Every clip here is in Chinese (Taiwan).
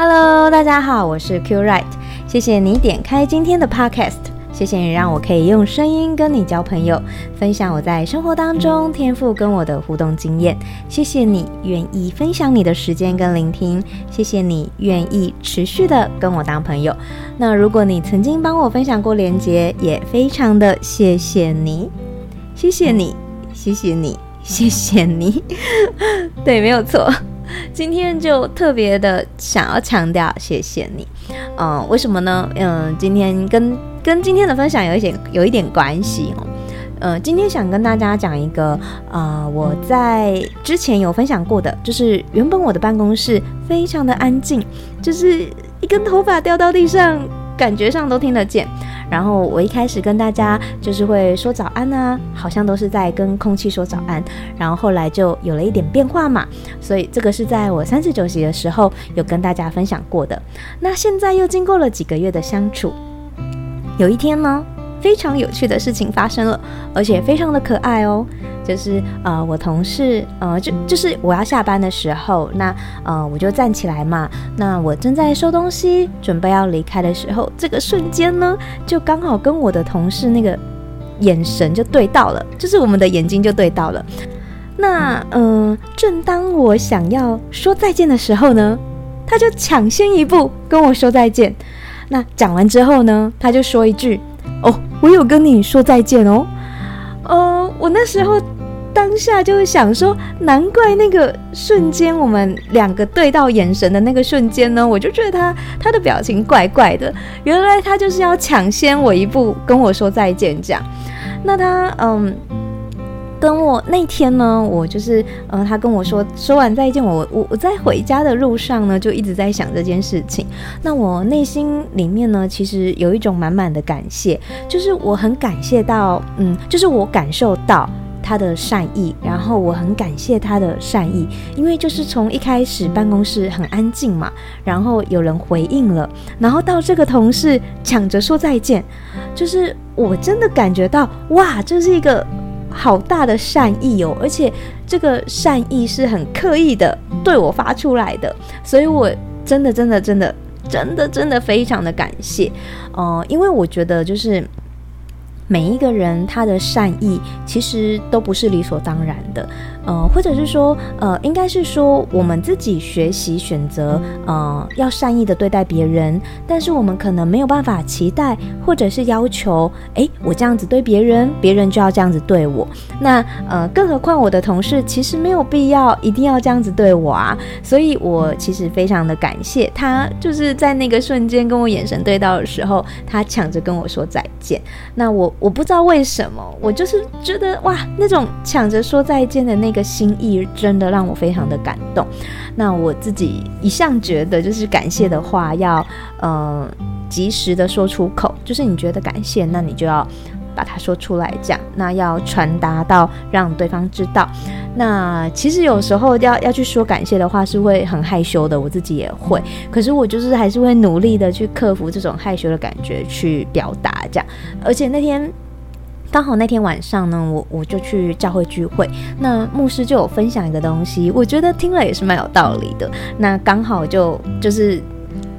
Hello，大家好，我是 Q Right，謝謝你點開今天的 Podcast，謝謝你讓我可以用聲音跟你交朋友，分享我在生活當中天父跟我的互動經驗，謝謝你願意分享你的時間跟聆聽，謝謝你願意持續的跟我當朋友，那如果你曾經幫我分享過連接，也非常的謝謝你，謝謝你，謝謝你，謝謝你， 對，沒有錯。今天就特別的想要強調，謝謝你，嗯、呃，為什麼呢？嗯、呃，今天跟跟今天的分享有一點有一點關係哦，嗯、呃，今天想跟大家講一個啊、呃，我在之前有分享過的，就是原本我的辦公室非常的安靜，就是一根頭髮掉到地上。感覺上都聽得見，然後我一開始跟大家就是會說早安啊，好像都是在跟空氣說早安，然後後來就有了一點變化嘛，所以這個是在我三十九歲的時候有跟大家分享過的，那現在又經過了幾個月的相處，有一天呢，非常有趣的事情發生了，而且非常的可愛哦，就是呃，我同事呃，就就是我要下班的時候，那呃，我就站起來嘛，那我正在收東西，準備要離開的時候，這個瞬間呢，就剛好跟我的同事那個眼神就對到了，就是我們的眼睛就對到了。那嗯、呃，正當我想要說再見的時候呢，他就搶先一步跟我說再見。那講完之後呢，他就說一句。我有跟你說再見哦，呃，我那時候當下就會想說，難怪那個瞬間我們兩個對到眼神的那個瞬間呢，我就覺得他他的表情怪怪的，原來他就是要搶先我一步跟我說再見這樣，那他嗯。跟我那天呢，我就是呃，他跟我說說完再見，我我我在回家的路上呢，就一直在想這件事情。那我內心裡面呢，其實有一種滿滿的感謝，就是我很感謝到，嗯，就是我感受到他的善意，然後我很感謝他的善意，因為就是從一開始辦公室很安靜嘛，然後有人回應了，然後到這個同事搶着說再見，就是我真的感覺到哇，這是一個。好大的善意哦，而且這個善意是很刻意的對我發出來的，所以我真的真的真的真的真的真的非常的感謝，哦，呃，因為我覺得就是每一個人他的善意其實都不是理所當然的。呃，或者是說，呃，應該是說我們自己學習選擇，呃，要善意的對待別人，但是我們可能沒有辦法期待或者是要求，哎，我這樣子對別人，別人就要這樣子對我。那呃，更何況我的同事其實沒有必要一定要這樣子對我啊，所以我其實非常的感謝他，就是在那個瞬間跟我眼神對到的時候，他搶着跟我說再見。那我我不知道為什麼，我就是覺得哇，那種搶着說再見的那個的心意真的讓我非常的感動。那我自己一向覺得，就是感謝的話要呃及時的說出口，就是你覺得感謝，那你就要把它說出來這樣，那要傳達到讓對方知道。那其實有時候要要去說感謝的話是會很害羞的，我自己也會。可是我就是還是會努力的去克服這種害羞的感覺去表達這樣。而且那天。剛好那天晚上呢，我我就去教會聚會，那牧師就有分享一個東西，我覺得聽了也是蠻有道理的。那剛好就就是。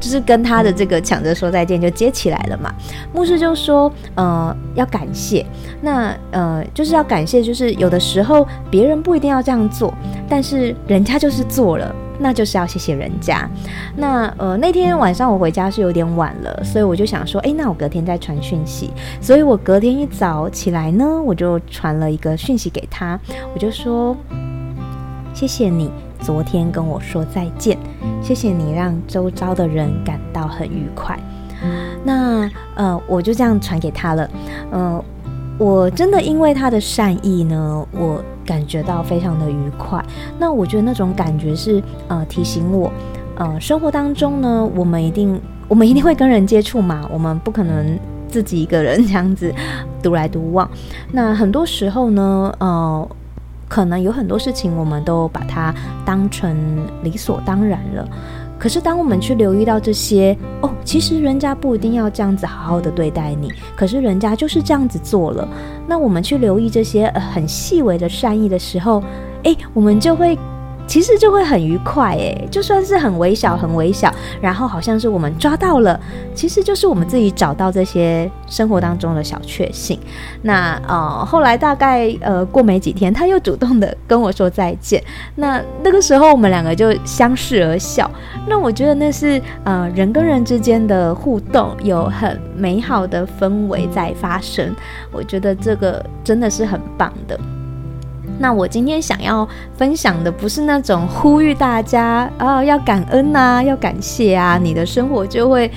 就是跟他的這個搶着說再見就接起來了嘛，牧師就說，呃，要感謝，那呃，就是要感謝，就是有的時候別人不一定要這樣做，但是人家就是做了，那就是要謝謝人家。那呃，那天晚上我回家是有點晚了，所以我就想說，誒，那我隔天再傳訊息。所以我隔天一早起來呢，我就傳了一個訊息給他，我就說謝謝你。昨天跟我說再見，謝謝你讓周遭的人感到很愉快。嗯、那呃，我就這樣傳給他了。嗯、呃，我真的因為他的善意呢，我感覺到非常的愉快。那我覺得那種感覺是呃提醒我，呃，生活當中呢，我們一定我們一定會跟人接觸嘛，我們不可能自己一個人這樣子獨來獨往。那很多時候呢，呃。可能有很多事情，我們都把它當成理所當然了。可是，當我們去留意到這些，哦，其實人家不一定要這樣子好好的對待你，可是人家就是這樣子做了。那我們去留意這些，呃，很細微的善意的時候，哎，我們就會。其實就會很愉快誒，就算是很微小，很微小，然後好像是我們抓到了，其實就是我們自己找到這些生活當中的小確幸。那呃，後來大概呃過沒幾天，他又主動的跟我說再見。那那個時候我們兩個就相視而笑。那我覺得那是呃人跟人之間的互動，有很美好的氛圍在發生。我覺得這個真的是很棒的。那我今天想要分享的，不是那種呼籲大家啊、哦、要感恩吶、啊，要感謝啊，你的生活就會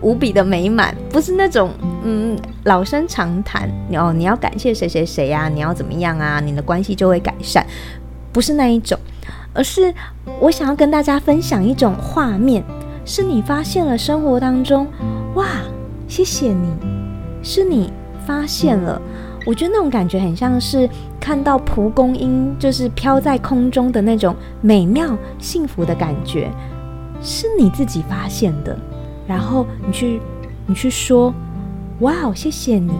無比的美滿，不是那種嗯老生常談。哦，你要感謝誰誰誰呀、啊，你要怎麼樣啊？你的關係就會改善，不是那一種，而是我想要跟大家分享一種畫面，是你發現了生活當中哇，謝謝你，是你發現了。我覺得那種感覺很像是看到蒲公英，就是飄在空中的那種美妙幸福的感覺，是你自己發現的，然後你去，你去說，哇哦，謝謝你，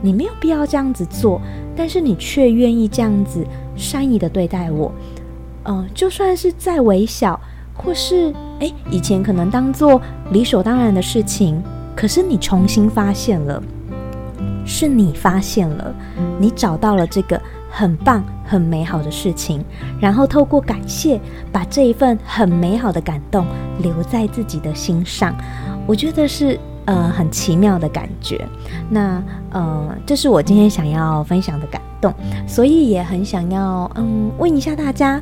你沒有必要這樣子做，但是你卻願意這樣子善意的對待我，嗯、呃，就算是再微小，或是哎，以前可能當做理所當然的事情，可是你重新發現了。是你發現了，你找到了這個很棒、很美好的事情，然後透過感謝，把這一份很美好的感動留在自己的心上。我覺得是呃很奇妙的感覺。那呃，這是我今天想要分享的感動，所以也很想要嗯問一下大家，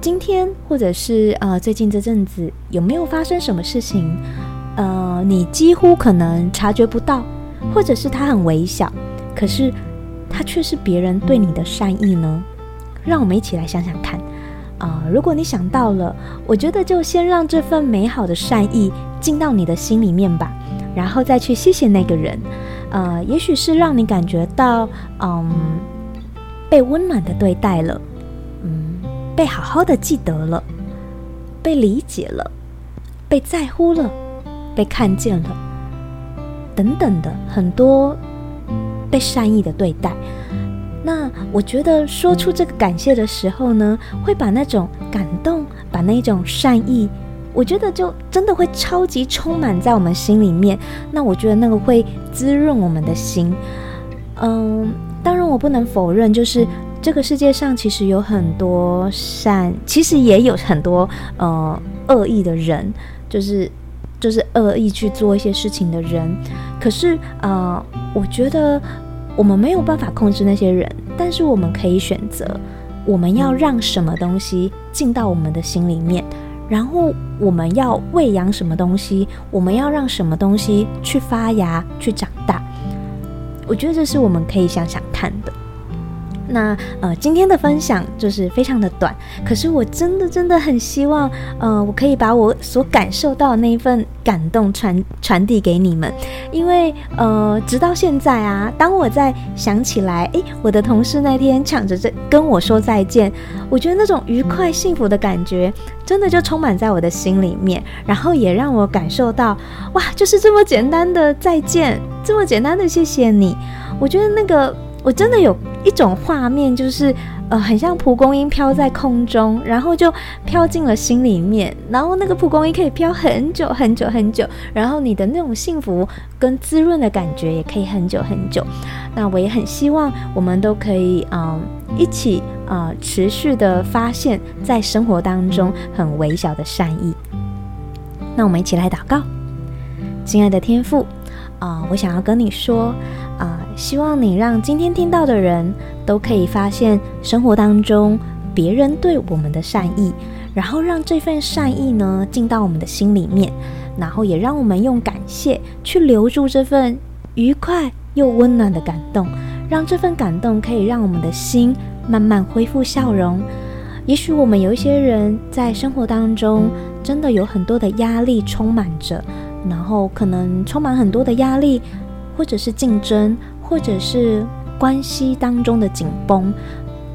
今天或者是呃最近這陣子有沒有發生什麼事情？呃，你幾乎可能察覺不到。或者是他很微小，可是他卻是別人對你的善意呢？讓我們一起來想想看啊，呃！如果你想到了，我覺得就先讓這份美好的善意進到你的心裡面吧，然後再去謝謝那個人。呃，也許是讓你感覺到，嗯，被溫暖的對待了，嗯，被好好的記得了，被理解了，被在乎了，被看見了。等等的很多被善意的對待，那我覺得說出這個感謝的時候呢，會把那種感動，把那一種善意，我覺得就真的會超級充滿在我們心裡面。那我覺得那個會滋潤我們的心。嗯，當然我不能否認，就是這個世界上其實有很多善，其實也有很多呃惡意的人，就是。就是惡意去做一些事情的人，可是呃，我覺得我們沒有辦法控制那些人，但是我們可以選擇，我們要讓什麼東西進到我們的心裡面，然後我們要餵養什麼東西，我們要讓什麼東西去發芽去長大，我覺得這是我們可以想想看的。那呃，今天的分享就是非常的短，可是我真的真的很希望，呃，我可以把我所感受到的那一份感動傳傳遞給你們，因為呃，直到現在啊，當我在想起來，哎，我的同事那天搶着在跟我說再見，我覺得那種愉快幸福的感覺，真的就充滿在我的心裡面，然後也讓我感受到，哇，就是這麼簡單的再見，這麼簡單的謝謝你，我覺得那個我真的有。一種畫面就是，呃，很像蒲公英飄在空中，然後就飄進了心裡面，然後那個蒲公英可以飄很久很久很久，然後你的那種幸福跟滋潤的感覺也可以很久很久。那我也很希望我們都可以，嗯、呃，一起，啊、呃，持續的發現在生活當中很微小的善意。那我們一起來禱告，親愛的天父，啊、呃，我想要跟你說。啊、呃，希望你讓今天聽到的人都可以發現生活當中別人對我們的善意，然後讓這份善意呢進到我們的心裡面，然後也讓我們用感謝去留住這份愉快又溫暖的感動，讓這份感動可以讓我們的心慢慢恢復笑容。也許我們有一些人在生活當中真的有很多的壓力充滿着，然後可能充滿很多的壓力，或者是競爭，或者是關係當中的緊繃，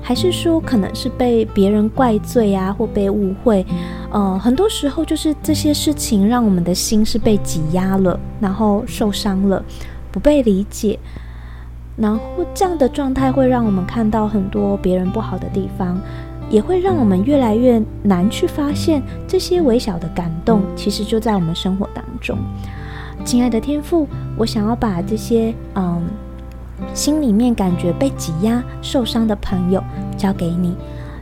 還是說可能是被別人怪罪啊，或被誤會，呃，很多時候就是這些事情讓我們的心是被擠壓了，然後受傷了，不被理解，然後這樣的狀態會讓我們看到很多別人不好的地方，也會讓我們越來越難去發現這些微小的感動，其實就在我們生活當中。親愛的天父，我想要把這些嗯，心裡面感覺被擠壓、受傷的朋友交給你。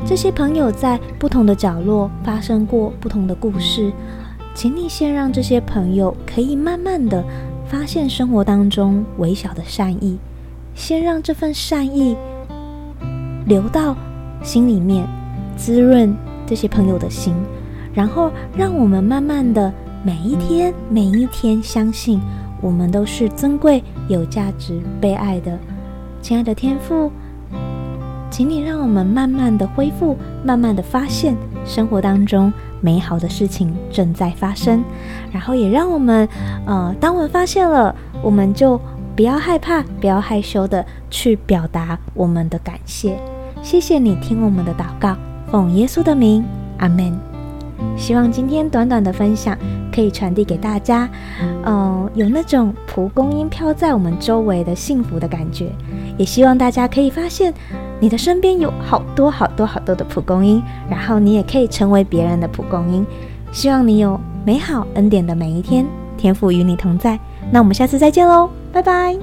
這些朋友在不同的角落發生過不同的故事，請你先讓這些朋友可以慢慢的發現生活當中微小的善意，先讓這份善意流到心裡面，滋潤這些朋友的心，然後讓我們慢慢的。每一天，每一天，相信我們都是尊貴、有價值、被愛的，親愛的天父，請你讓我們慢慢地恢復，慢慢地發現生活當中美好的事情正在發生，然後也讓我們，呃，當我們發現了，我們就不要害怕，不要害羞地去表達我們的感謝。謝謝你聽我們的禱告，奉耶穌的名，阿門。希望今天短短的分享可以傳遞給大家，嗯、呃，有那種蒲公英飄在我們周圍的幸福的感覺。也希望大家可以發現你的身邊有好多好多好多的蒲公英，然後你也可以成為別人的蒲公英。希望你有美好恩典的每一天，天父與你同在。那我們下次再見嘍，拜拜。